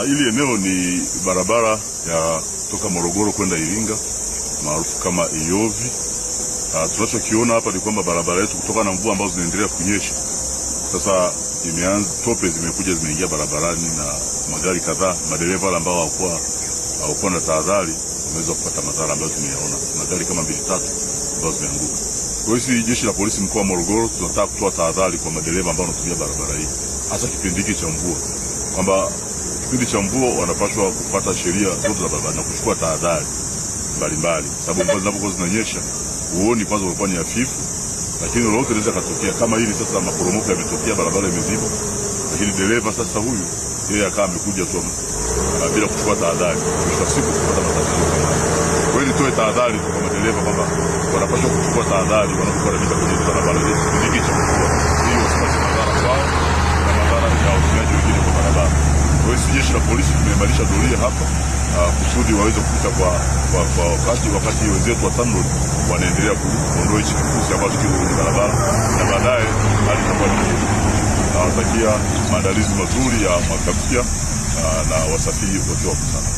Hili ah, eneo ni barabara ya toka Morogoro kwenda Iringa maarufu kama Iyovi. Ah, tunachokiona hapa ni kwamba barabara yetu kutokana na mvua ambazo zinaendelea kunyesha sasa imeanza tope zimekuja zimeingia barabarani na magari kadhaa, madereva ambao hawakuwa hawakuwa na tahadhari wameweza kupata madhara ambayo tumeyaona, magari kama mbili tatu ambayo zimeanguka. Kwa hiyo jeshi la polisi mkoa wa Morogoro tunataka kutoa tahadhari kwa madereva ambao wanatumia barabara hii, hasa kipindi hiki cha mvua, kwamba kipindi cha mvua wanapaswa kupata sheria zote za barabara na kuchukua tahadhari mbalimbali, sababu mvua zinapokuwa zinanyesha huoni kwanza, unakuwa ni hafifu, lakini lolote linaweza katokea. Kama hili sasa, maporomoko yametokea, barabara imeziba, lakini dereva sasa huyu yeye akawa amekuja tu ah, bila kuchukua tahadhari, mwisho wa siku kupata matatizo tahadhari kwa madereva kwamba wanapaswa kuchukua tahadhari wanapokuwa katika kwenye barabara hizi, kizidi cha mvua, ili wasipate madhara kwao na madhara ya watumiaji wengine kwa barabara. Kwa hiyo jeshi la polisi tumeimarisha doria hapa ah, kusudi waweze kupita kwa kwa wakati, wakati wenzetu wa TANROADS wanaendelea kuondoa hichi kifusi ambacho kiko kwenye barabara, na baadaye hali itakuwa ni nzuri. Nawatakia maandalizi mazuri ya mwaka mpya ah, na wasafiri wakiwa salama.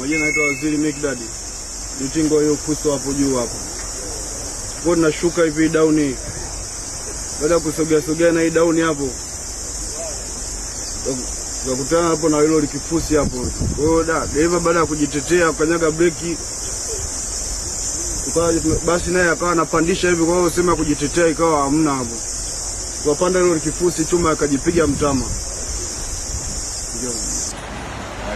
Majina naitwa Waziri Mikdadi mtingo hiyo kuso hapo juu hapo kwa tunashuka hivi dauni, baada ya kusogea sogea na hii dauni hapo tukakutana hapo na hilo likifusi hapo. Kwa hiyo da dereva baada ya kujitetea kanyaga breki, kwa basi naye akawa anapandisha hivi, kwa hiyo sema kujitetea ikawa hamna hapo, tukapanda hilo likifusi chuma akajipiga mtama.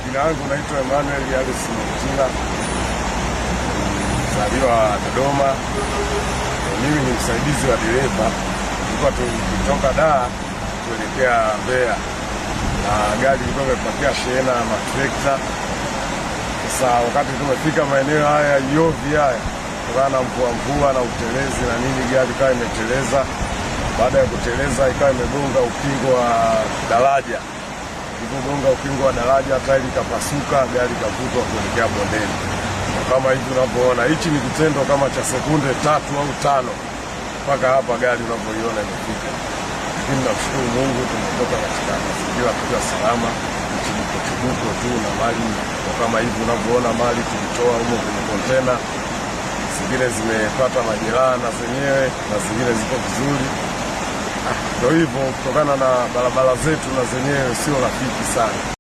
Jina langu naitwa Emmanuel Alice Mtila wa Dodoma. Mimi ni msaidizi wa dereva, tulikuwa tukitoka Dar kuelekea Mbeya na gari ilikuwa imepakia shehena ya matrekta. Sasa wakati tumefika maeneo haya yovi haya, kutokana na mvua mvua na utelezi na nini, gari ikawa imeteleza. Baada ya kuteleza, ikawa imegonga ukingo wa daraja ilipogonga ukingo wa daraja, tairi ikapasuka, gari ikavutwa kuelekea bondeni kama hivi unavyoona, hichi ni kitendo kama cha sekunde tatu au tano mpaka hapa gari unavyoiona imefika. Lakini namshukuru Mungu tumetoka katika mazingira tukiwa salama, mchibukochibuko tu na mali kama hivi unavyoona, mali tulitoa humo kwenye kontena, zingine zimepata majeraha na zenyewe na zingine ziko vizuri. Ah, ndio hivyo, kutokana na barabara zetu na zenyewe sio rafiki sana.